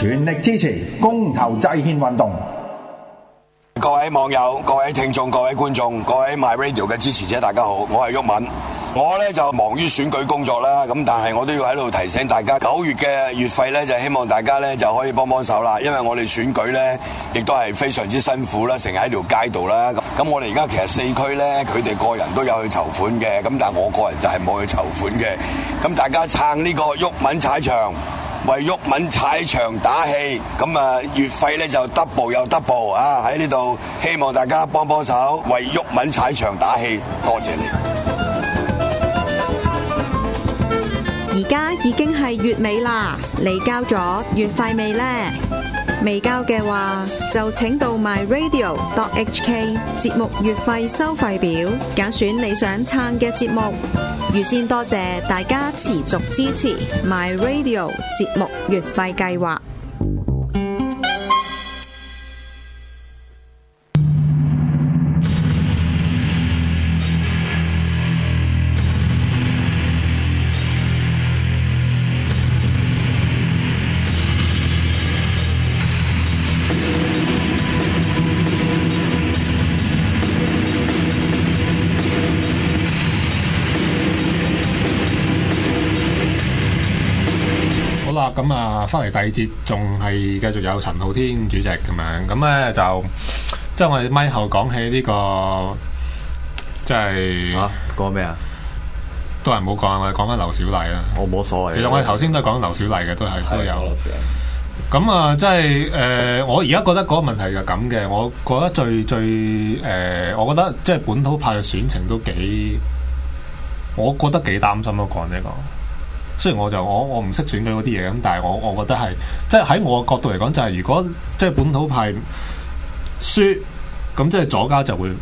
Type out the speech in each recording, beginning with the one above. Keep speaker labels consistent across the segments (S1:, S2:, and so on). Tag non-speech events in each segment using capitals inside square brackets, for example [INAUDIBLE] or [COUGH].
S1: 全力支持公投制憲運動！
S2: 各位網友、各位聽眾、各位觀眾、各位 My Radio 嘅支
S1: 持者，大家好，我係毓民，我呢就忙於選舉工作啦，咁但係我都要喺度提醒大家，九月嘅月費呢，就希望大家呢就可以幫幫手啦，因為我哋選舉呢，亦都係非常之辛苦啦，成日喺條街度啦，咁我哋而家其實四區呢，佢哋個人都有去籌款嘅，咁但係我個人就係冇去籌款嘅，咁大家撐呢個毓
S2: 民踩場。為毓民踩場打氣，咁啊月費咧就 double 又 double 啊！喺呢度希望大家幫幫手，為毓民踩場打氣，多謝你。
S1: 而家已經係月尾啦，你交咗月費未呢？未交嘅話，就請到 myradio.hk 節目月費收費表揀選你想撐嘅節目。預先多謝大家持續支持 My Radio 節目月費計劃。
S2: 咁啊，翻嚟第二節仲係繼續有陳浩天主席咁樣，咁咧就即係我哋咪後講起呢、這個即係講咩啊？都係唔好講我哋講翻劉小麗啦。我冇所謂。其實我哋頭先都係講劉小麗嘅，都係都、啊、有。咁啊，即係誒，我而家覺得嗰個問題就咁嘅。我覺得最最誒、呃，我覺得即係本土派嘅選情都幾，我覺得幾擔心咯，講、這、呢個。雖然我就我我唔識選舉嗰啲嘢咁，但係我我覺得係，即係喺我角度嚟講，就係如果即係本土派輸，咁即係左膠就會復生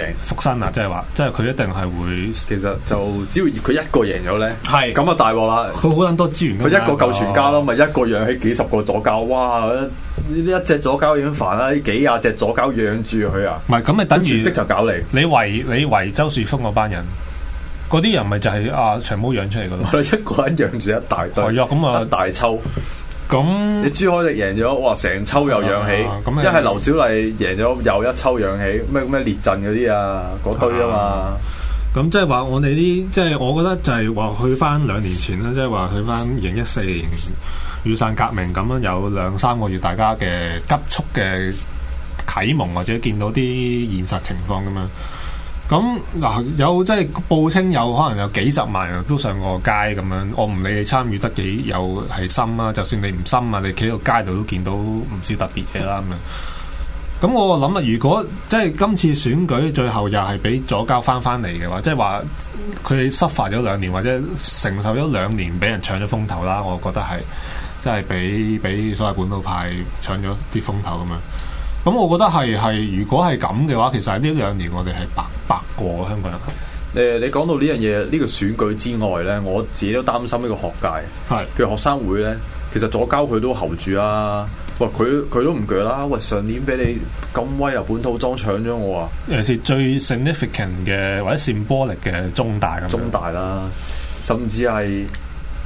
S2: 贏復身啊！即係話，即係佢一定係會。其實就只要佢一個贏咗咧，係咁就大鑊啦。佢好撚多資源，佢一個夠全家咯，
S1: 咪一個養起幾十個左膠，哇！呢一隻左膠已經煩啦，呢幾廿隻左膠養住佢啊！
S2: 唔係咁咪等全職就搞你，你圍你圍周樹峰嗰班人。嗰啲人咪就係阿長毛養出嚟噶咯，一個人養住一大
S1: 堆，係啊，咁啊大抽咁。你朱凱迪贏咗，哇！成抽又養起，咁一係劉小麗贏咗又一抽養起，咩咩列陣嗰啲啊，嗰堆啊嘛。
S2: 咁即係話我哋啲，即係我覺得就係話去翻兩年前啦，即係話去翻二零一四年雨傘革命咁樣有兩三個月，大家嘅急速嘅啟蒙或者見到啲現實情況噉樣。咁嗱，有即係報稱有可能有幾十萬人都上過街咁樣。我唔理你參與得幾有係深啦，就算你唔深啊，你企喺個街度都見到唔知特別嘢啦。咁樣咁，我諗啊，如果即係今次選舉最後又係俾左膠翻翻嚟嘅話，即係話佢哋失發咗兩年，或者承受咗兩年俾人搶咗風頭啦。我覺得係即係俾俾所謂本土派搶咗啲風頭咁樣。咁我覺得係係，如果係咁嘅話，其實呢兩年我哋係白。白個香港人，
S1: 誒，你講到呢樣嘢，呢、呢個選舉之外咧，我自己都擔心呢個學界，係的譬如學生會咧，其實左膠佢都喉住啦、啊，喂，佢佢都唔鋸啦！喂，上年俾你咁威啊，本土裝搶咗我
S2: 啊！尤其是最 significant 嘅或者 symbolic 嘅中大咁中大啦，甚至係。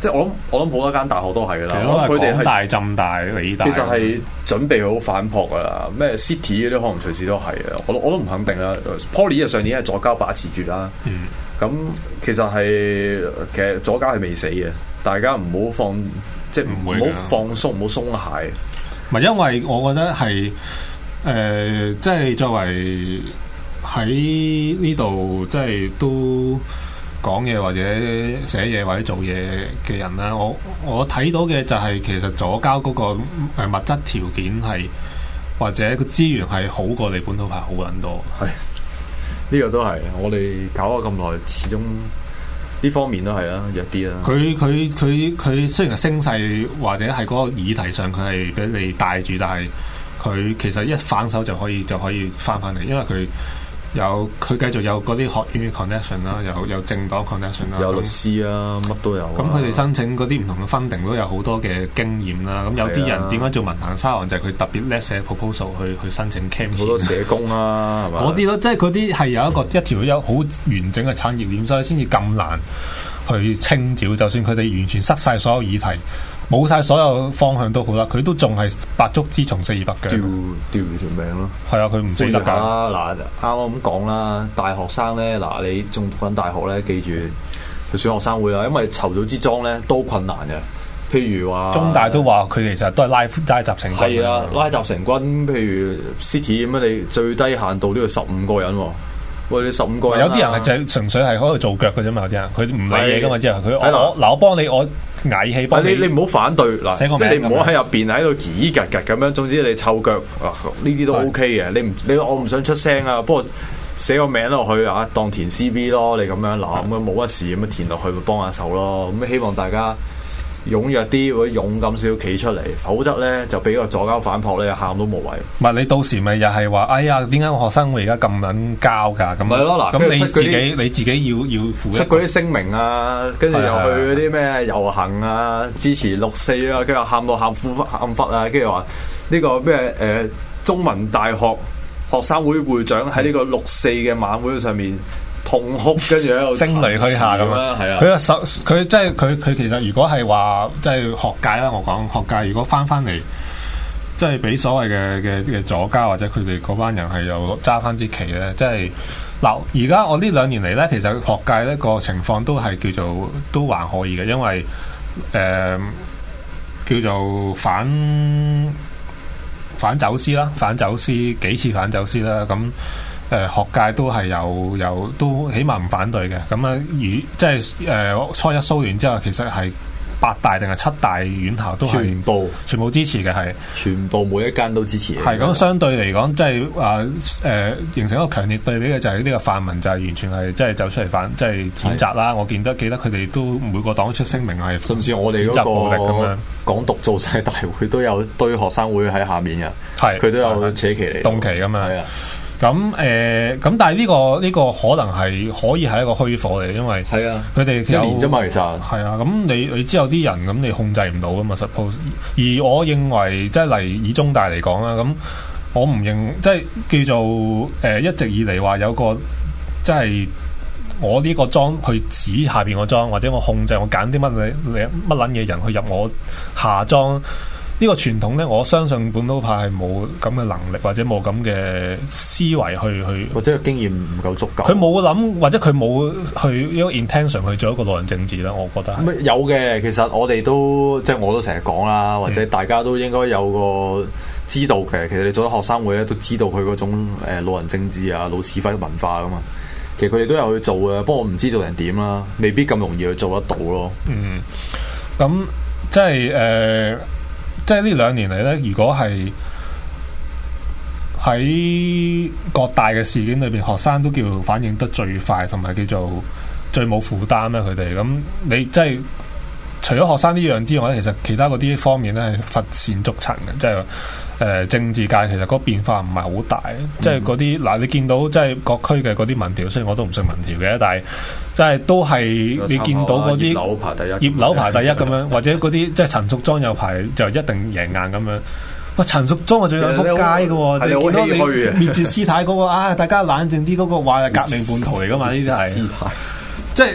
S2: 即係我諗，我諗好
S1: 多間大學都係噶啦。佢哋係港大、浸大、理大。其實係準備好反撲噶啦。咩 City 嗰啲可能隨時都係啊。我我都唔肯定啦。Poly 啊上年係左膠把持住啦。咁、嗯、其實係其實左膠係未死嘅。大家唔好放，即係唔好唔好放鬆，唔好鬆懈。
S2: 係因為我覺得係誒、呃，即係作為喺呢度，即係都。講嘢或者寫嘢或者做嘢嘅人咧，我我睇到嘅就係其實左膠嗰個誒物質條件係或者個資源係好過你本土派好很多，係
S1: 呢、哎這個都係我哋搞咗咁耐，始終呢方面都係啦，弱啲啦。佢
S2: 佢佢佢雖然係聲勢或者係嗰個議題上佢係俾你帶住，但係佢其實一反手就可以就可以翻翻嚟，因為佢。有佢繼續有嗰啲學院嘅 connection 啦，有有政黨 connection 啦，有律師啊，乜都有、啊。咁佢哋申請嗰啲唔同嘅 funding 都有好多嘅經驗啦。咁有啲人點解做文憑沙王就係、是、佢特別叻寫 proposal 去去申請 campaign 好多社工啊，係嘛 [LAUGHS] 吧？嗰啲咯，即係嗰啲係有一個一條有好完整嘅產業鏈，所以先至咁難去清剿。就算佢哋完全失晒所有議題。冇晒所有方向都好啦，佢都仲係百足之蟲，四二八腳，掉掉條命咯。係啊，佢唔、啊、得
S1: 啦。嗱，啱啱咁講啦，大學生咧，嗱，你仲讀緊大學咧，記住去選學生會啦，因為籌組支裝咧都困難嘅。譬如話中
S2: 大都話佢其實都係拉拉集成係啊，
S1: 拉集成軍。譬如 City 咁樣，你最低限度都要十五個人。喂、哦，你十五個人，啊有人，有啲人係
S2: 就純粹係喺度做腳嘅啫嘛，有啲人佢唔理嘢噶嘛，之後佢我嗱我幫你我。的矮你你唔好反對，嗱，即係你唔好喺入
S1: 邊喺度咦咦嘎嘎咁樣。總之你臭腳，呢啲都 OK 嘅。你唔你我唔想出聲啊，不過寫個名落去啊，當填 CB 咯。你咁樣諗咁冇乜事咁樣填落去，咪幫下手咯。咁希望大家。踴躍啲，會勇，勇敢少企出嚟，否則咧就俾個左膠反撲咧，喊都無謂。
S2: 唔係你到時咪又係話，哎呀，點解個學生會而家咁撚膠噶？咁咪咯嗱，咁你自己你自己要要付出嗰
S1: 啲聲明啊，跟住又去嗰啲咩遊行啊，支持六四啊，跟住喊到喊呼喊忽啊，跟住話呢個咩誒、呃、中文大學學生會會長喺呢個六四嘅晚會上面。痛哭，跟住喺度聲淚俱下咁啦，係啊！佢又
S2: 受，佢即係佢，佢其實如果係話，即係學界啦，我講學界，學界如果翻翻嚟，即係俾所謂嘅嘅嘅左膠或者佢哋嗰班人係又揸翻支旗咧，即係嗱，而家我呢兩年嚟咧，其實學界呢個情況都係叫做都還可以嘅，因為誒、呃、叫做反反走私啦，反走私幾次反走私啦，咁。誒學界都係有有都起碼唔反對嘅，咁啊與即係誒初一蘇聯之後，其實係八大定係七大院校都全部全部支持嘅，係全部每一間都支持嘅。係咁相對嚟講，即係話誒形成一個強烈對比嘅就係呢個泛民，就係完全係即係走出嚟反即係譴責啦。我記得記得佢哋都每個黨出聲明，係甚至我哋嗰個港獨做晒大會，佢都有堆學生會喺下面嘅，係佢都有扯旗嚟動旗咁樣啊！咁誒，咁、嗯嗯、但係、這、呢個呢、這個可能係可以係一個虛火嚟，因為係啊，佢哋一年啫嘛，其實係啊，咁、嗯、你你知有啲人咁，你控制唔到噶嘛。Suppose 而我認為即係例以中大嚟講啦，咁、嗯、我唔認即係叫做誒、呃、一直以嚟話有個即係我呢個莊去指下邊個莊，或者我控制我揀啲乜嘢乜撚嘢人去入我下莊。個傳呢個傳統咧，我相信本土派係冇咁嘅能力，或者冇咁嘅思維去去或夠夠，或者經驗唔夠足夠。佢冇諗，或者佢冇去一個 intention 去做一個老人政治咧，我覺得。
S1: 有嘅，其實我哋都即係我都成日講啦，或者大家都應該有個知道嘅。其實你做咗學生會咧，都知道佢嗰種老人政治啊、老屎忽文化噶嘛。其實佢哋都有去做嘅，我不過唔知道人點啦，未必咁容易去做得到咯。
S2: 嗯，咁即係誒。呃即係呢兩年嚟，呢如果係喺各大嘅事件裏邊，學生都叫反應得最快，同埋叫做最冇負擔啦。佢哋咁，你即係除咗學生呢樣之外咧，其實其他嗰啲方面咧係乏善足陳嘅，即係。誒、呃、政治界其實嗰變化唔係好大，即係嗰啲嗱，你見到即係各區嘅嗰啲民調，雖然我都唔信民調嘅，但係即係都係你見到嗰啲、啊、葉劉排第一，葉劉排第一咁樣，樣樣或者嗰啲即係陳淑莊有排就一定贏硬咁樣。哇、呃，陳淑莊我最想撲街嘅喎，你，你見到你滅絕師太嗰、那個啊，大家冷靜啲嗰、那個話係革命叛徒嚟嘅嘛？呢啲係，即
S1: 係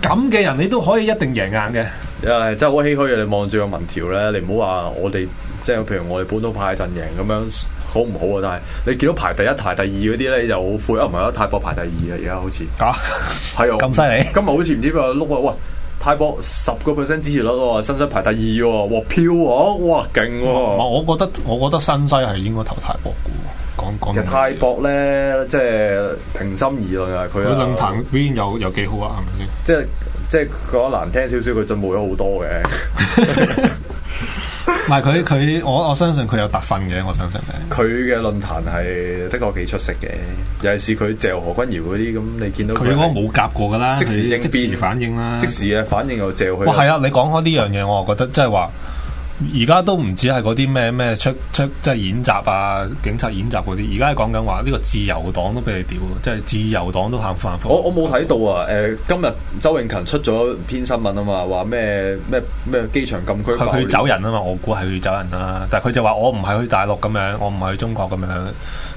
S1: 咁嘅人你都可以一定贏硬嘅。誒，真係好唏噓啊！你望住個民調咧，你唔好話我哋。即係譬如我哋本土派陣營咁樣，好唔好啊？但係你見到排第一、排第二嗰啲咧，又好灰啊！唔係啊，泰博排第二啊，而家好似嚇係啊，咁犀利！今日好似唔知邊個碌啊，喂，泰博十個 percent 支持率喎，新西排第二喎，票飄啊，哇，勁喎，啊啊！
S2: 我覺得我覺得新西係應該投泰博嘅。講
S1: 講泰博咧，即係平心而論啊，佢佢論壇邊有有幾好啊？啱經即係即係講難聽少少，佢進步咗好多嘅。 [LAUGHS] [LAUGHS]
S2: 唔係佢佢，我我相信佢有特訓嘅，我相信佢
S1: 嘅論壇係的確幾出色嘅，尤其是佢借何君堯嗰啲咁，你見到佢嗰個
S2: 冇夾過噶啦，即時即時反應啦，即時
S1: 啊反應又借佢。哇，係啊！
S2: 你講開呢樣嘢，我啊覺得即係話。就是而家都唔止係嗰啲咩咩出出即係演習啊，警察演習嗰啲，而家係講緊話呢個自由黨都俾你屌，即係自由黨都行反覆。我我冇
S1: 睇到啊，誒、呃，今日周永勤出咗篇新聞啊嘛，話咩咩咩機
S2: 場禁區係佢走人啊嘛，我估係佢走人啊，但係佢就話我唔係去大陸咁樣，我唔係去中國咁樣。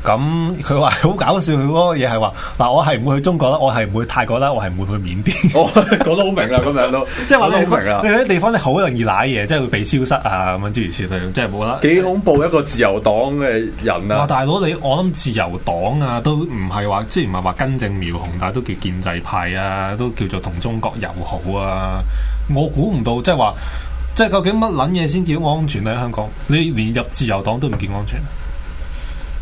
S2: 咁佢話好搞笑，佢嗰個嘢係話嗱，我係唔會去中國啦，我係唔會泰國啦，我係唔會去緬甸。我講得好明啦，咁樣都即係話得好明啦。你有啲地方你好容易賴嘢，即係會被消失啊，咁樣，諸如此類，即係冇啦。幾恐怖一個自由黨嘅人啊！大佬你我諗自由黨啊，都唔係話即係唔係話根正苗紅，但係都叫建制派啊，都叫做同中國友好啊。我估唔到即係話，即係究竟乜撚嘢先叫安全咧？香港，你連入自由黨都唔見安全。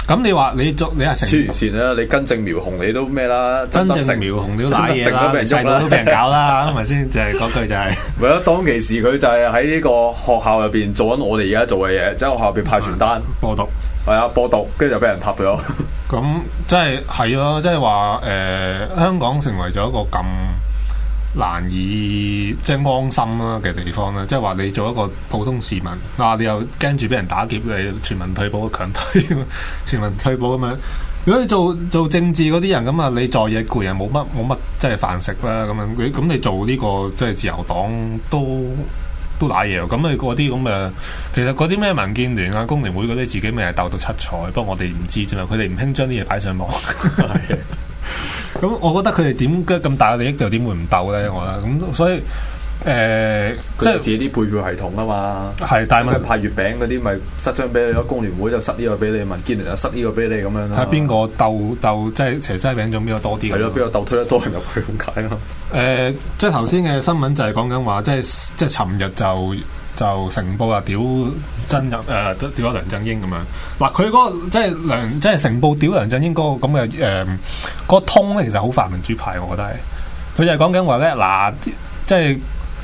S1: 咁你話你做你阿黐出完啦，你根正苗紅，你都咩啦？真，真正苗紅，都你都瀨嘢啦，細佬都俾人搞
S2: 啦，係咪先？就係講句就係、是，咪咯？ [LAUGHS] 當其時佢就係喺
S1: 呢個學校入邊做緊我哋而家做嘅嘢，喺、就是、學校入邊派傳單播獨，係啊，播獨，跟住、啊、就俾人撻咗。
S2: 咁即係係咯，即係話誒，香港成為咗一個咁。難以即係安心啦嘅地方咧，即係話你做一個普通市民，嗱、啊、你又驚住俾人打劫，你全民退保嘅強推，全民退保咁樣。如果你做做政治嗰啲人咁啊，你，在野你，你做嘢攰啊，冇乜冇乜即係飯食啦咁樣。咁你做呢個即係自由黨都都打嘢，咁你嗰啲咁嘅，其實嗰啲咩民建聯啊、工聯會嗰啲自己咪係鬥到七彩，不過我哋唔知，就係佢哋唔興將啲嘢擺上網。 [LAUGHS] [LAUGHS] 咁我覺得佢哋點嘅咁大嘅利益又點會唔鬥咧？我覺得咁、嗯，所以誒，呃、他們 即係自己啲配票系
S1: 統啊嘛，係，但係派月餅嗰啲咪塞張俾你，如果工聯會就塞呢個俾你，民建聯就
S2: 塞呢個俾你咁樣咯。睇邊個鬥鬥即係斜西餅仲比較多啲，係咯，比較鬥推得多就係咁解咯。誒、呃，即係頭先嘅新聞就係講緊話，即係即係尋日就。就成報啊屌真入誒屌咗梁振英咁樣。嗱佢嗰個即係梁即係成報屌梁振英嗰個咁嘅誒個通咧，其實好泛民主派。我覺得係佢就係講緊話咧嗱，即係。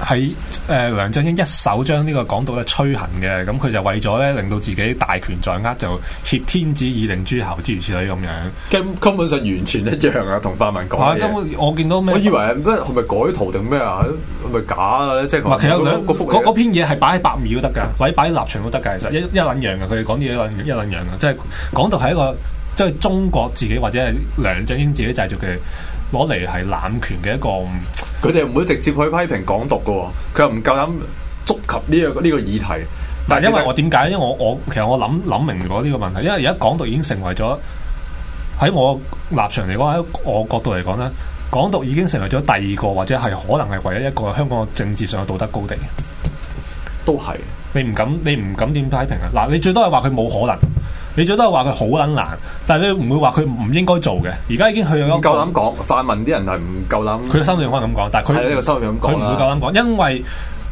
S2: 喺誒梁振英一手將呢個港獨咧摧行嘅，咁佢就為咗咧令到自己大權在握，就挾天子以令諸侯諸如此類咁樣。根根本上完全一樣文啊，同泛民講嘅。我見
S1: 到咩？我以為係咪改圖定咩啊？係咪假啊！即係其實兩嗰
S2: 篇嘢係擺喺百秒都得㗎，或者擺喺立場都得㗎。其實一一撚樣嘅，佢哋講啲嘢一撚一樣嘅，即、就、係、是、港獨係一個即係、就是、中國自己或者係梁振英自己製造嘅。攞嚟係濫權嘅一個，佢哋唔會直接去批評港獨嘅，佢又唔夠膽觸及呢個呢個議題。但係因為我點解？因為我我其實我諗諗明咗呢個問題，因為而家港獨已經成為咗，喺我立場嚟講，喺我角度嚟講咧，港獨已經成為咗第二個或者係可能係唯一一個香港政治上嘅道德高地。都係，你唔敢，你唔敢點批評啊！嗱，你最多係話佢冇可能。你最多係話佢好撚難，但係你唔會話佢唔應該做嘅。而家已經去到一個夠膽講，泛民啲人係唔夠膽。佢嘅心裏可能咁講，但係佢喺呢個心裏咁講，佢唔夠膽講，因為誒、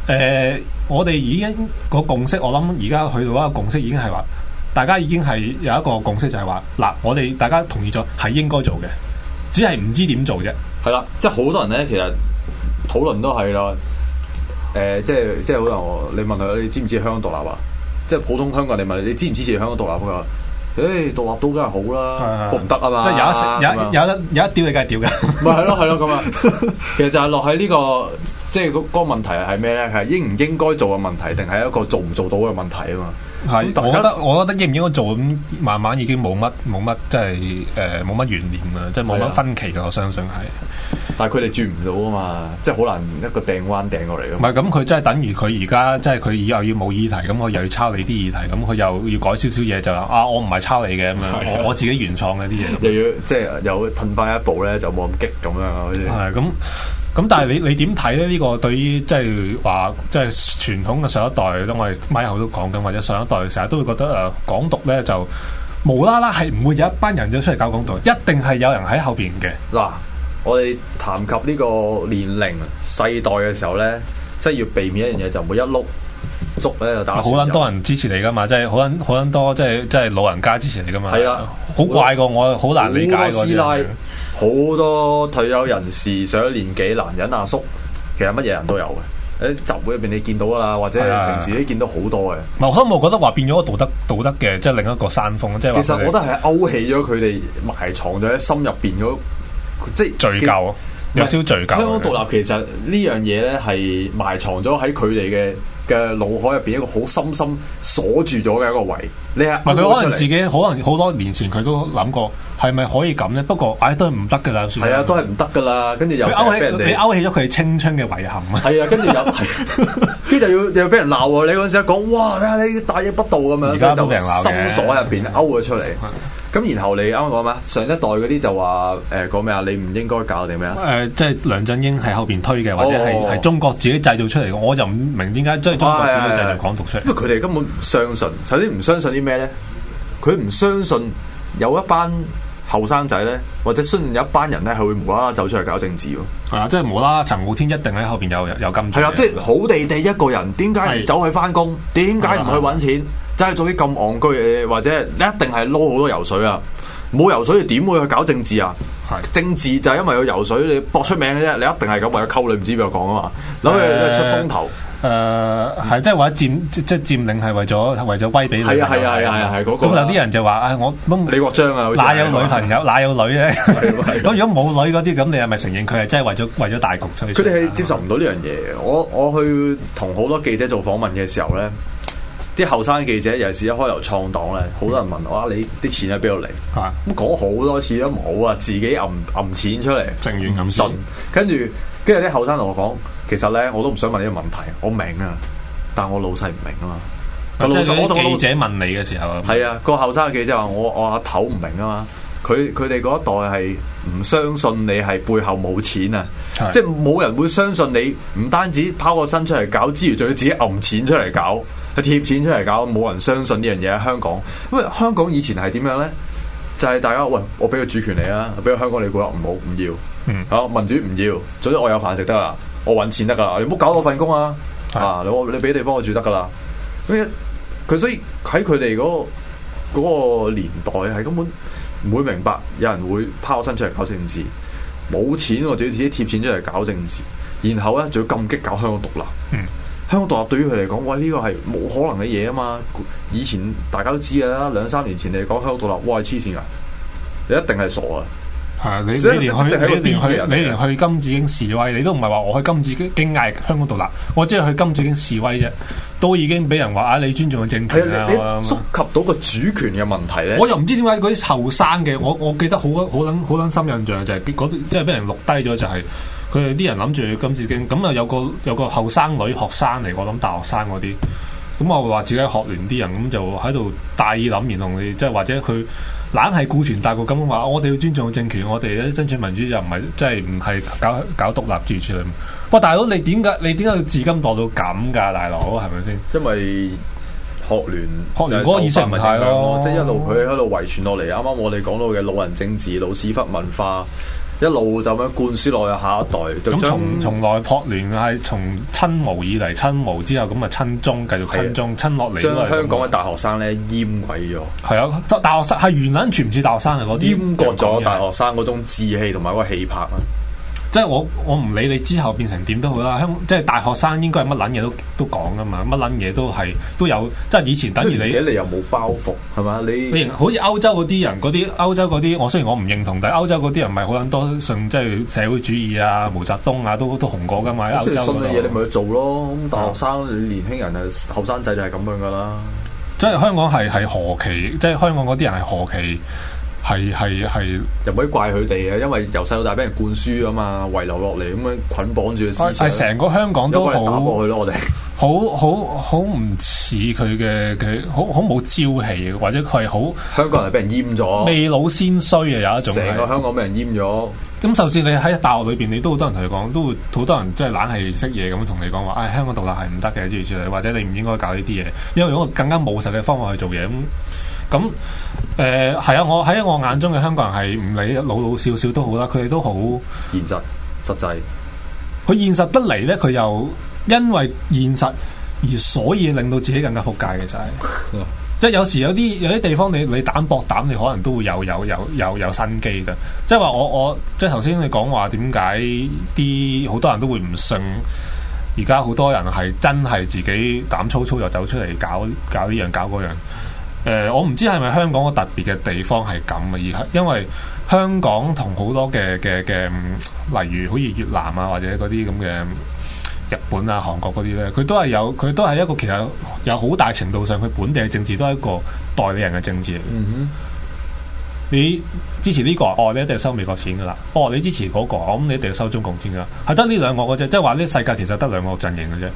S2: 呃，我哋已經、那個共識，我諗而家去到一個共識，已經係話大家已經係有一個共識就，就係話嗱，我哋大家同意咗係應該做嘅，只係唔知點做啫。
S1: 係啦，即係好多人咧，其實討論都係啦。誒、呃，即係即係可能你問佢，你知唔知香港獨立啊？即係普通香港人，你問佢你支唔支持香港獨立啊？誒獨、哎、立、嗯、都梗係好啦，博唔得啊嘛，即係有，有一、有、有
S2: 得、有一點，你梗係屌嘅。咪係咯，係咯，
S1: 咁啊。其實就係落喺呢、這個，即係嗰個問題係咩咧？係應唔應該做嘅問題，定係一個做唔做到嘅問題啊嘛。
S2: 係，我覺得我覺得應唔應該做咁，慢慢已經冇乜冇乜，即係誒冇乜懸念是啊，即係冇乜分歧嘅，我相信係。
S1: 但係佢哋轉唔到啊嘛，即係好難一個掟彎掟過嚟。唔
S2: 係咁，佢真係等於佢而家，即係佢以後要冇議題，咁佢又要抄你啲議題，咁佢又要改少少嘢就話啊，我唔係抄你嘅咁樣，我我自己原創嘅啲嘢。又要即係又褪翻一步咧，就冇咁激咁樣。係咁咁，但係你你點睇咧？呢個對於即係話即係傳統嘅上一代咧，我哋 m i 都講緊，或者上一代成日都會覺得誒，港獨咧就無啦啦係唔會有一班人要出嚟搞港獨，一定係有人喺後邊嘅嗱。
S1: 我哋談及呢個年齡、世代嘅時候咧，即係要避免一樣嘢，就每一碌
S2: 竹咧就打。好撚多人支持你噶嘛，即係好撚好撚多，即係即係老人家支持你噶嘛。係啦的，好怪個，我好，多好難理解個。師奶、
S1: 好多退休人士，上咗年紀男人阿叔，其實乜嘢人都有嘅。喺集會入邊你見到啊，或者平時你見到好多嘅。嗱
S2: 的，我覺得，我覺得話變咗個道德道德嘅，即係另一個山峰。即係其實我覺
S1: 得係勾起咗佢哋埋藏咗喺心入邊即係罪疚，有少少罪疚。香港獨立其實呢樣嘢咧，係埋藏咗喺佢哋嘅嘅腦海入邊一個好深深鎖住咗嘅一個位。
S2: 你啊，佢可能自己可能好多年前佢都諗過，係咪可以咁咧？不過唉，都係唔得噶啦。算，係啊，都
S1: 係唔得噶啦。跟住又勾起人哋，你勾
S2: 起咗佢青春嘅遺憾。係啊，跟住又，
S1: 跟住又要又俾人鬧啊！你嗰陣時講哇，你你大逆不道咁樣，就深鎖入邊勾咗出嚟。咁然後你啱啱講咩？上一代嗰啲就話誒講咩啊？你唔應該搞定咩啊？誒、
S2: 呃，即係梁振英喺後邊推嘅，或者係係、哦哦哦、中國自己製造出嚟嘅，我就唔明點解即係中國自己製造港獨出嚟、哎哎哎哎。因為
S1: 佢哋根本相信，首先唔相信啲咩咧？佢唔相信有一班後生仔咧，或者雖然有一班人咧，佢會無啦啦走出嚟搞政治
S2: 喎。係啊，即係無啦啦，陳浩天一定喺後邊有有金。係啊，即係
S1: 好地地一個人，點解唔走去返工？點解唔去揾錢？的真係做啲咁戇居嘅，或者你一定係撈好多油水啊！冇油水你點會去搞政治啊？的政治就係因為有油水，你搏出名嘅啫。你一定係咁為咗溝女，唔知邊度講啊嘛？諗佢、呃、出風頭。
S2: 誒係、呃，即係話佔即係佔領係為咗為咗威逼你。啊係啊係啊係啊，係嗰個。咁有啲人就話：啊，我李國章啊，哪有女朋友？哪有女咧？咁如果冇女嗰啲，咁你係咪承認佢係真係為咗為咗大局出去，佢
S1: 哋係接受唔到呢樣嘢。我我去同好多記者做訪問嘅時候咧。啲後生記者尤其係一開頭創黨咧，好多人問我、嗯、啊，你啲錢喺邊度嚟？咁講好多次都唔好啊，自己揞揞錢出嚟，情願咁信，跟住跟住啲後生同我講，其實咧我都唔想問呢個問題，我明啊，但我老細唔明啊嘛。即係我同記者
S2: 問你嘅時候，
S1: 係啊、個後生嘅記者話我我阿頭唔明啊嘛，佢佢哋嗰一代係唔相信你係背後冇錢啊，即係冇人會相信你，唔單止拋個身出嚟搞，之餘仲要自己揞錢出嚟搞。貼錢出嚟搞，冇人相信呢樣嘢喺香港。因為，香港以前係點樣咧？就係大家喂，我俾個主權你啊，俾個香港你估管唔好，唔要，要嗯，民主唔要，總之我有飯食得啦，我搵錢得噶啦，你唔好搞我份工啊，啊，啊，你我你俾地方我住得噶啦。咁佢所以喺佢哋嗰個個年代係根本唔會明白，有人會拋身出嚟搞政治，冇錢我自己自己貼錢出嚟搞政治，然後咧仲要咁激搞香港獨立，嗯。香港獨立對於佢嚟講，哇呢、這個係冇可能嘅嘢啊嘛！以前大家都知嘅啦，兩三年前你講香港獨立，哇黐線啊！你一定係傻啊！
S2: 係啊，你是你連去你連去是你連去金紫荊示威，你都唔係話我去金紫荊嗌香港獨立，我只係去金紫荊示威啫，都已經俾人話啊你尊重嘅政權啊！你，你，你觸
S1: 及到個主權嘅問題咧，我又
S2: 唔知點解嗰啲後生嘅，我我記得好好撚好深印象就係即係俾人錄低咗就係、是。佢哋啲人諗住今次經咁啊，有個有個後生女學生嚟，我諗大學生嗰啲，咁我會話自己學聯啲人咁，就喺度大意諗，然，同你即係或者佢懶係顧全大局咁話，我哋要尊重政權，我哋咧爭取民主就唔係即係唔係搞搞獨立主權。喂大佬你點解你點解要至今墮到咁噶，大佬係咪先？是是因為學聯學聯嗰個意識形態咯，即係一路佢
S1: 喺度遺傳落嚟。啱啱我哋講到嘅老人政治、老屎忽文化。一路就咁樣灌輸落去下
S2: 一代，咁從從來撲聯係從親毛以嚟親毛之後，咁咪親中繼續親中的親落嚟，將香港
S1: 嘅大學生咧閹
S2: 鬼咗。係啊，大學生係完全全唔似大學生嚟嗰啲，閹割咗大學生嗰的種志氣同埋嗰個氣魄啊！即係我我唔理你之後變成點都好啦，香即係大學生應該係乜撚嘢都都講噶嘛，乜撚嘢都係都有，即係以前等於你你
S1: 又冇包袱係嘛？你
S2: 好似歐洲嗰啲人，嗰啲歐洲嗰啲，我雖然我唔認同，但係歐洲嗰啲人咪好撚多信即係社會主義啊、毛澤東啊，都都紅過噶嘛。歐洲嗰啲信嘅嘢，你
S1: 咪去做咯。咁大學生年輕人啊，後生仔就係咁樣噶啦。即
S2: 係香港係係
S1: 何其，即係香港嗰啲人係何其。係係係，又唔可以怪佢哋嘅，因為由細到大俾人灌輸啊嘛，遺留落嚟，咁樣捆綁住嘅思想。係成個
S2: 香港都打過去咯，我哋好好好唔似佢嘅佢，好好冇朝氣，或者佢係好香港人係俾人閹咗，未老先衰啊，有一種成個香港俾人閹咗。咁、嗯、甚至你喺大學裏邊，你都好多人同你講，都會好多人即係冷氣識嘢咁同你講話，唉、哎，香港獨立係唔得嘅，諸如此類，或者你唔應該搞呢啲嘢，因為用更加務實嘅方法去做嘢咁。咁誒，係、呃、啊！我喺我眼中嘅香港人係唔理老老少少都好啦，佢哋都好現實、實際。佢現實得嚟呢，佢又因為現實而所以令到自己更加撲街嘅就係，即係有時有啲有啲地方你你膽薄膽，你可能都會有有有有有心機嘅。即係話我我即係頭先你講話，點解啲好多人都會唔信，而家好多人係真係自己膽粗粗又走出嚟搞搞呢樣搞嗰樣。誒、呃，我唔知係咪香港個特別嘅地方係咁啊！而因為香港同好多嘅嘅嘅，例如好似越南啊，或者嗰啲咁嘅日本啊、韓國嗰啲咧，佢都係有，佢都係一個其實有好大程度上，佢本地嘅政治都係一個代理人嘅政治。嗯、哼你支持呢、這個，哦，你一定收美國錢噶啦。哦，你支持嗰、那個，咁、嗯、你一定收中共錢噶啦。係得呢兩個嘅啫，即係話呢世界其實得兩個陣營嘅啫。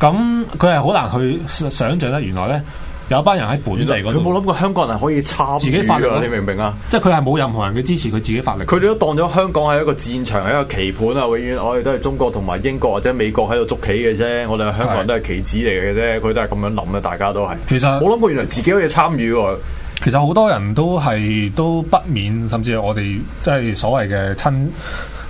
S2: 咁佢係好難去想像得原來咧。有一班人喺本嚟嗰，佢冇諗過香港人可以參與，自己發力，你明唔明啊？即係佢係冇任何人嘅支持，佢自己發力。
S1: 佢哋都當咗香港係一個戰場，係一個棋盤啊！永遠我哋都係中國同埋英國或者美國喺度捉棋嘅啫。我哋香港人都係棋子嚟嘅啫。
S2: 佢的都係咁樣諗啊。大家都係。其實冇諗過原來自己可以參與喎。其實好多人都係都不免，甚至我哋即係所謂嘅親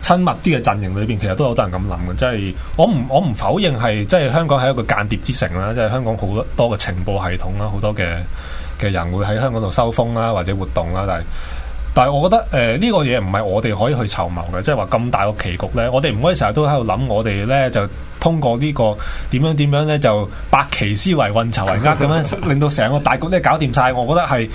S2: 親密啲嘅陣營裏邊，其實都有好多人咁諗嘅，即係我唔我唔否認係即係香港係一個間諜之城啦，即係香港好多多嘅情報系統啦，好多嘅嘅人會喺香港度收風啦或者活動啦，但係但係我覺得誒呢個嘢唔係我哋可以去籌謀嘅，即係話咁大個棋局呢，我哋唔可以成日都喺度諗我哋呢就通過呢個點樣點樣呢，就百旗思維運籌帷幄咁樣令到成個大局呢搞掂晒。我覺得係。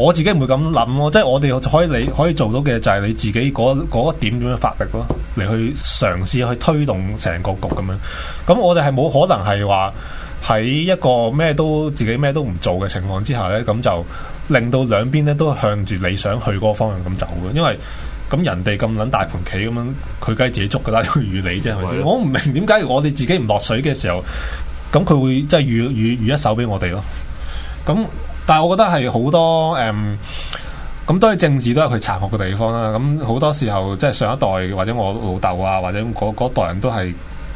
S2: 我自己唔會咁諗咯，即係我哋可以你可以做到嘅就係你自己嗰嗰一點點樣發力咯，嚟去嘗試去推動成個局咁樣。咁我哋係冇可能係話喺一個咩都自己咩都唔做嘅情況之下呢，咁就令到兩邊呢都向住你想去嗰個方向咁走嘅。因為咁人哋咁撚大盤棋咁樣，佢梗係自己捉㗎啦，預 [LAUGHS] 你啫，係咪的？我唔明點解我哋自己唔落水嘅時候，咁佢會即係預預,預一手俾我哋咯，咁。但係我覺得係好多誒，咁都係政治都係佢殘酷嘅地方啦。咁好多時候即係上一代或者我老豆啊，或者嗰代人都係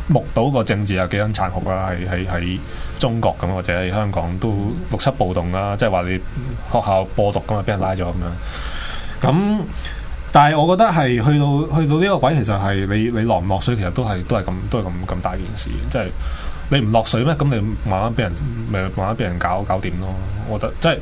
S2: 目睹個政治有幾咁殘酷啊！喺喺中國咁，或者喺香港都六七暴動啦、啊，即係話你學校播讀咁啊，俾人拉咗咁樣。咁，但係我覺得係去到去到呢個位，其實係你你落唔落水，其實都係都係咁都係咁咁大件事，即係。你唔落水咩？咁你慢慢俾人，咪慢慢俾人搞搞掂咯。我覺得即係、就是、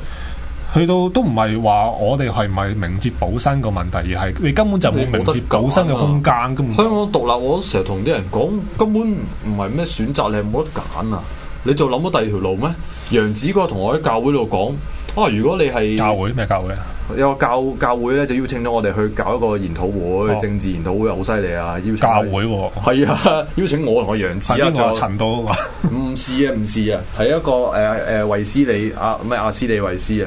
S2: 去到都唔係話我哋係唔係明哲保身個問題，而係你根本就冇明哲保身嘅空間。啊、本香港獨立，我成日同啲人講，根本唔係咩選擇，你冇得揀啊！
S1: 你就諗到第二條路咩？楊子哥同我喺教會度講啊，如果你係教會咩？教會啊？有個教會教會咧，就邀請咗我哋去搞一個研討會，哦、政治研討會好犀利啊！邀請教會喎，係啊，邀請我同我楊子啊，仲有陳道啊，唔係、呃、啊，唔係啊，係一個誒誒衛斯理阿唔係阿斯理衛斯啊，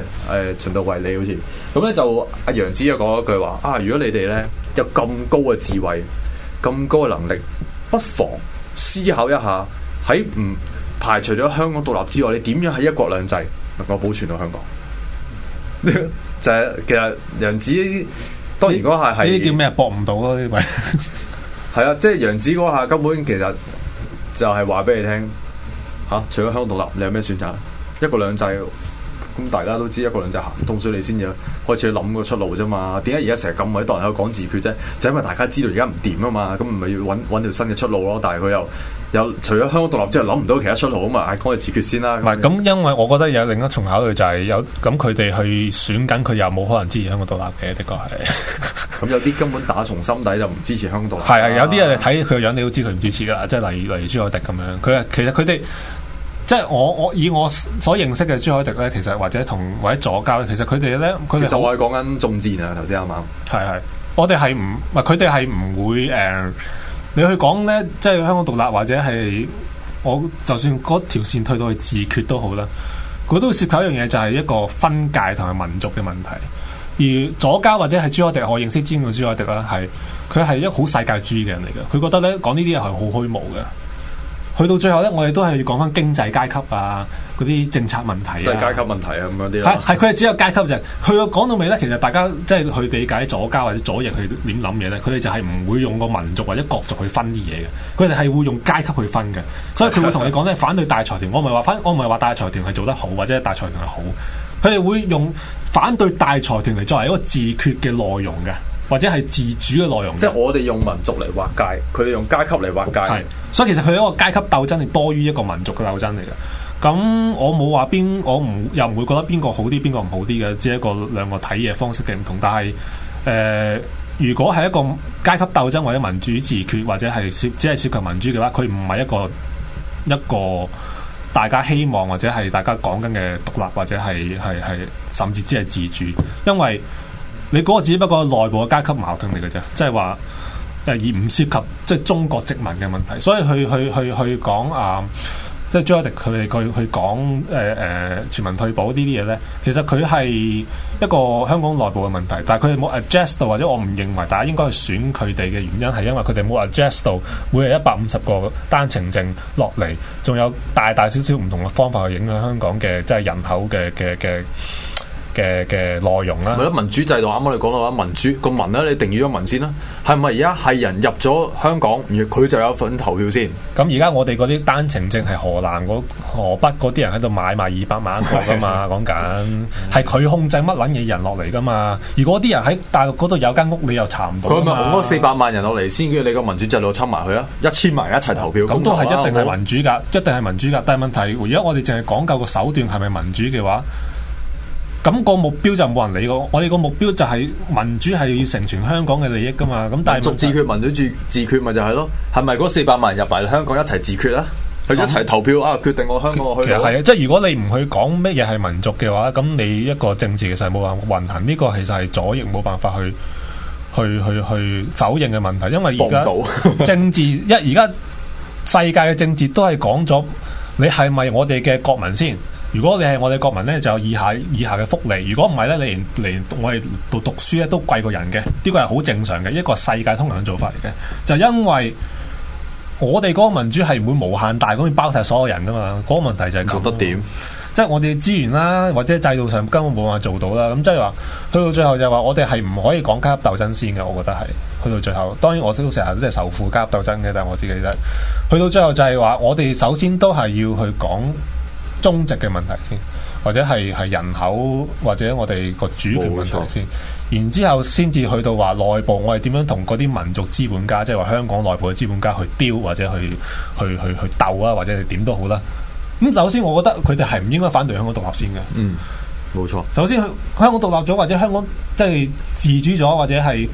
S1: 誒循道衛理好似咁咧，就阿楊子就講一句話啊，如果你哋咧有咁高嘅智慧、咁高嘅能力，不妨思考一下喺唔排除咗香港獨立之外，你點樣喺一國兩制能夠保存到香港？ [LAUGHS] 就係、是、其實楊子當然嗰下係呢啲叫
S2: 咩搏唔到咯，呢位
S1: 係啊，即、就、係、是、楊子嗰下根本其實就係話俾你聽嚇、啊，除咗香港獨立，你有咩選擇？一國兩制，咁大家都知一國兩制行唔到水裏先嘅，開始諗個出路啫嘛。點解而家成日咁多人喺度講自決啫？就是、因為大家知道而家唔掂啊嘛，咁唔係要揾揾條新嘅出路咯。但係佢又。有除咗香港獨立之後，諗唔到其他出路啊嘛，講佢自決先啦。唔係咁，
S2: 因為我覺得有另一重考慮就，就係有咁佢哋去選緊，佢又冇可能支持香港獨立嘅，的確係。
S1: 咁有啲根本打從心底就唔支持香港獨
S2: 立。係啊，有啲人睇佢個樣，你都知佢唔支持噶啦。即係例如黎朱海迪朱凱迪咁樣，佢其實佢哋即係我我以我所認識嘅朱凱迪咧，其實或者同或者左膠，其實佢哋咧，佢其實我係
S1: 講緊中戰啊，頭先啱啱，
S2: 係係，我哋係唔唔，佢哋係唔會誒。呃你去講呢，即係香港獨立或者係我就算嗰條線推到去自決都好啦，佢都涉及一樣嘢，就係一個分界同埋民族嘅問題。而左家或者係朱凱迪，我認識之嘅朱凱迪啦，係佢係一個好世界主義嘅人嚟嘅，佢覺得呢講呢啲嘢係好虛無嘅。去到最後呢，我哋都係要講翻經濟階級啊。嗰啲政策問題啊，都係階
S1: 級問題啊，咁嗰啲啊，
S2: 係佢哋只有階級啫。佢要講到尾咧，其實大家即係去理解左膠或者左翼，佢點諗嘢咧？佢哋就係唔會用個民族或者國族去分啲嘢嘅，佢哋係會用階級去分嘅。所以佢會同你講咧， [LAUGHS] 反對大財團。我唔係話反，我唔係話大財團係做得好或者大財團係好。佢哋會用反對大財團嚟作為一個自決嘅內容嘅，或者係自主嘅內容。即係我哋用民族嚟劃界，佢哋用階級嚟劃界。係，所以其實佢一個階級鬥爭係多於一個民族嘅鬥爭嚟嘅。咁我冇話邊，我唔又唔會覺得邊個好啲，邊個唔好啲嘅，只係一個兩個睇嘢方式嘅唔同。但係，誒、呃，如果係一個階級鬥爭或者民主自決或者係涉只係涉及民主嘅話，佢唔係一個一個大家希望或者係大家講緊嘅獨立或者係係係甚至只係自主，因為你嗰個只不過內部嘅階級矛盾嚟嘅啫，即係話誒而唔涉及即係、就是、中國殖民嘅問題，所以去去去去講啊。即係朱凱迪佢哋佢佢講誒誒全民退保呢啲嘢咧，其實佢係一個香港內部嘅問題，但係佢哋冇 adjust 到，或者我唔認為大家應該去選佢哋嘅原因係因為佢哋冇 adjust 到每日一百五十個單程證落嚟，仲有大大小小唔同嘅方法去影響香港嘅即係人口嘅嘅嘅。嘅嘅內容啦，民主制
S1: 度啱啱你講到話民主個民咧，你定義咗民先啦，係咪而家係人入咗
S2: 香港，佢就有份投票先？咁而家我哋嗰啲單程證係河南、河北嗰啲人喺度買埋二百萬一個噶嘛？講緊係佢控制乜撚嘢人落嚟噶嘛？如果啲人喺大陸嗰度有間屋，你又查唔到佢咪攞四
S1: 百萬人落嚟先，跟住你個
S2: 民主制度侵埋佢啊？一千萬人一齊投票，咁都係一定係民主噶，一定係民主噶。但係問題，如果我哋淨係講究個手段係咪民主嘅話？咁個目標就冇人理我，我哋個目標就係民主係要成全香港嘅利益噶嘛。咁但係，民族自決民主自自
S1: 決咪就係咯？係咪嗰四百萬人入嚟香港一齊自決啦？佢、嗯、一齊投票啊，決定我香港我去其。其實係啊，即
S2: 係如果你唔去講乜嘢係民族嘅話，咁你一個政治嘅事冇辦法運行。呢、這個其實係左翼冇辦法去去去去，去否認嘅問題。因為而家碰到 政治一而家世界嘅政治都係講咗你係咪我哋嘅國民先。如果你係我哋國民咧，就有以下以下嘅福利。如果唔係咧，你連嚟我哋讀讀書咧都貴過人嘅，呢個係好正常嘅，一個世界通行嘅做法嚟嘅。就因為我哋嗰個民主係唔會無限大咁樣包晒所有人噶嘛，嗰、那個問題就係、啊、做得點，即係我哋資源啦或者制度上根本冇辦法做到啦。咁即係話去到最後就係話，我哋係唔可以講階級鬥爭先嘅。我覺得係去到最後，當然我識到成日都係仇富階級鬥爭嘅，但係我自己覺得去到最後就係話，我哋首先都係要去講。中值嘅問題先，或者係係人口或者我哋個主權問題先，沒錯 然之後先至去到話內部我哋點樣同嗰啲民族資本家，即係話香港內部嘅資本家去刁或者去去去去鬥啊，或者點都好啦。咁首先我覺得佢哋係唔應該反對香港獨立先嘅。嗯，冇錯。首先香港獨立咗或者香港即係自主咗或者係。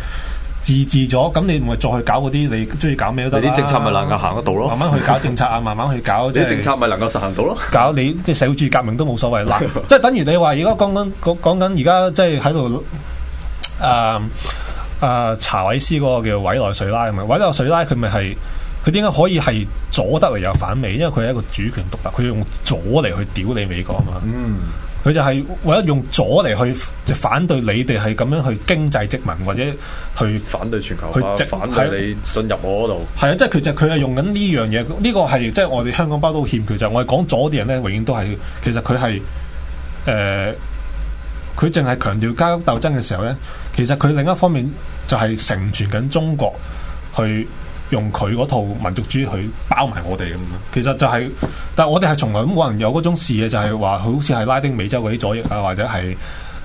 S2: 自治咗，咁你唔係再去搞嗰啲你中意搞咩都得啲、啊、政策咪能夠行得到咯。慢慢去搞政策啊，慢慢去搞。啲 [LAUGHS] 政策
S1: 咪能夠實行到咯？
S2: 搞你即係社會主義革命都冇所謂啦， [LAUGHS] 即係等於你話如果講緊講講緊而家即係喺度誒誒查韋斯嗰個叫委內瑞拉啊嘛，委內瑞拉佢咪係佢點解可以係左得嚟又反美？因為佢係一個主權獨立，佢用左嚟去屌你美國啊嘛。嗯。佢就係為咗用左嚟去反對你哋係咁樣去經濟殖民，或者去反對全球去整反對你進入我嗰度係啊，即係佢就佢、是、係用緊呢樣嘢，呢、這個係即係我哋香港包都欠缺就係、是、我哋講左啲人咧，永遠都係其實佢係誒，佢淨係強調階級鬥爭嘅時候咧，其實佢、呃、另一方面就係成全緊中國去。用佢嗰套民族主義去包埋我哋咁咯，其實就係、是，但係我哋係從來冇人有嗰種視野，就係話佢好似係拉丁美洲嗰啲左翼啊，或者係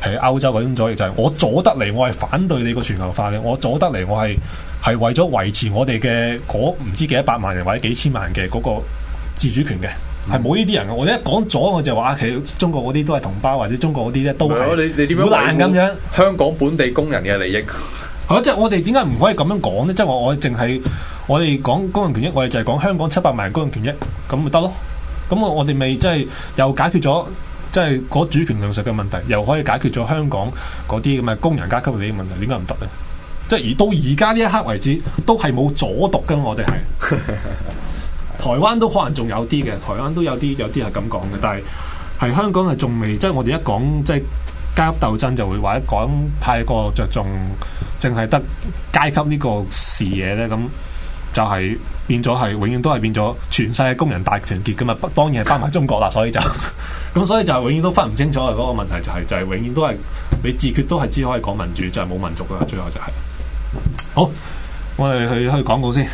S2: 係歐洲嗰種左翼，就係、是、我左得嚟，我係反對你個全球化嘅，我左得嚟，我係係為咗維持我哋嘅嗰唔知幾百萬人或者幾千萬嘅嗰個自主權嘅，係冇呢啲人嘅。我一講左我就話，其實中國嗰啲都係同胞，或者中國嗰啲咧都係好難咁樣。
S1: 香港本地工人嘅利益，
S2: 係咯，即係我哋點解唔可以咁樣講呢？即係話我淨係。我哋講工人權益，我哋就係講香港七百萬工人權益，咁咪得咯？咁我我哋咪即係又解決咗即係嗰主權量實嘅問題，又可以解決咗香港嗰啲咁嘅工人階級嗰啲問題，點解唔得呢？即係而到而家呢一刻為止，都係冇阻擋嘅。我哋係 [LAUGHS] 台灣都可能仲有啲嘅，台灣都有啲有啲係咁講嘅，但係係香港係仲未即係我哋一講即係階級鬥爭就會或者講太過着重，淨係得階級呢個視野呢。咁。就係變咗係永遠都係變咗全世界工人大團結噶嘛，當然係包埋中國啦，所以就咁， [LAUGHS] 所以就係永遠都分唔清楚嗰、那個問題就係、是、就係、是、永遠都係你自決都係只可以講民主，就係、是、冇民族噶啦，最後就係、是、好，我哋去去廣告先。